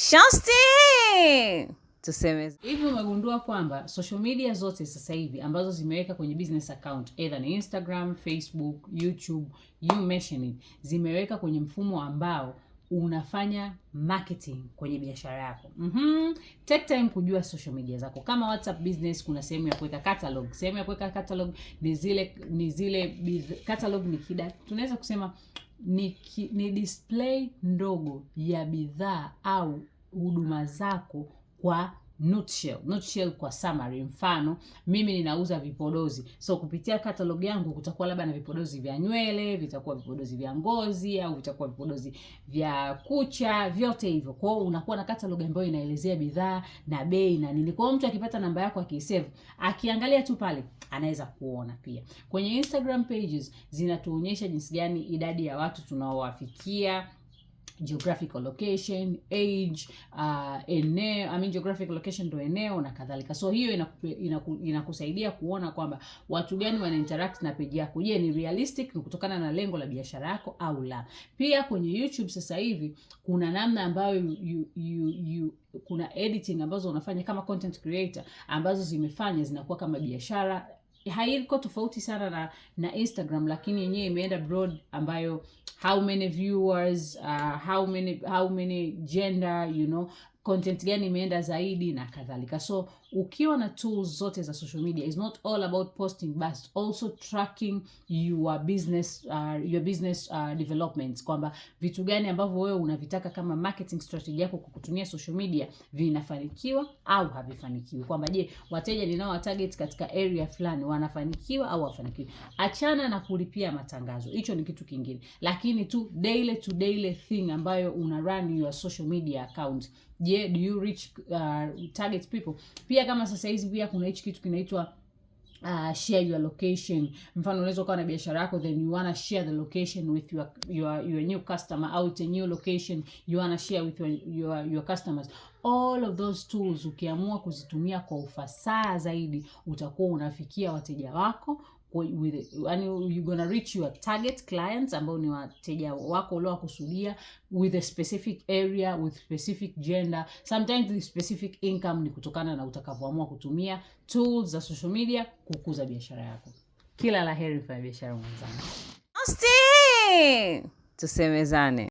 Shosti, tuseme hivi, umegundua kwamba social media zote sasa hivi ambazo zimeweka kwenye business account either ni Instagram, Facebook, YouTube, you mention it, zimeweka kwenye mfumo ambao unafanya marketing kwenye biashara yako. mm Take time kujua social media zako. Kama WhatsApp business kuna sehemu ya kuweka catalog. Sehemu ya kuweka catalog ni zile ni zile catalog ni kida, tunaweza kusema ni, ki, ni display ndogo ya bidhaa au huduma zako kwa nutshell. Nutshell kwa summary, mfano mimi ninauza vipodozi, so kupitia katalogi yangu kutakuwa labda na vipodozi vya nywele, vitakuwa vipodozi vya ngozi au vitakuwa vipodozi vya kucha, vyote hivyo. Kwa hiyo unakuwa na katalogi ambayo inaelezea bidhaa na bei na nini. Kwa hiyo mtu akipata namba yako akiisave, akiangalia tu pale anaweza kuona. Pia kwenye Instagram pages zinatuonyesha jinsi gani idadi ya watu tunaowafikia geographical location, age, uh, eneo, I mean geographical location ndo eneo na kadhalika. So hiyo inaku, inaku, inakusaidia kuona kwamba watu gani wana interact na page yako. Je, ni realistic ni kutokana na lengo la biashara yako au la. Pia kwenye YouTube sasa hivi kuna namna ambayo you, you, you, kuna editing ambazo unafanya kama content creator ambazo zimefanya zinakuwa kama biashara haiko tofauti sana na na Instagram, lakini yenyewe imeenda broad, ambayo how many viewers, uh, how many how many gender you know content gani imeenda zaidi na kadhalika. So ukiwa na tools zote za social media, is not all about posting but also tracking your business, uh, your business uh, developments, kwamba vitu gani ambavyo wewe unavitaka kama marketing strategy yako kwa kutumia social media vinafanikiwa au havifanikiwi, kwamba je, wateja ninao target katika area fulani wanafanikiwa au hawafanikiwi. Achana na kulipia matangazo, hicho ni kitu kingine, lakini tu daily to daily thing ambayo una run your social media account je, do you reach uh, target people? Pia kama sasa hizi pia kuna hichi kitu kinaitwa Uh, share your location. Mfano, unaweza ukawa na biashara yako then you wanna share the location with your, your, your new customer au it's a new location you wanna share with your, your, your customers. All of those tools ukiamua kuzitumia kwa ufasaha zaidi, utakuwa unafikia wateja wako, with it. Yani you gonna reach your target clients ambao ni wateja wako uliowakusudia with a specific area with specific gender. Sometimes the specific income ni kutokana na utakavyoamua kutumia tools za social media kukuza biashara yako. Kila la heri mfanya biashara mwenzangu. Tuseme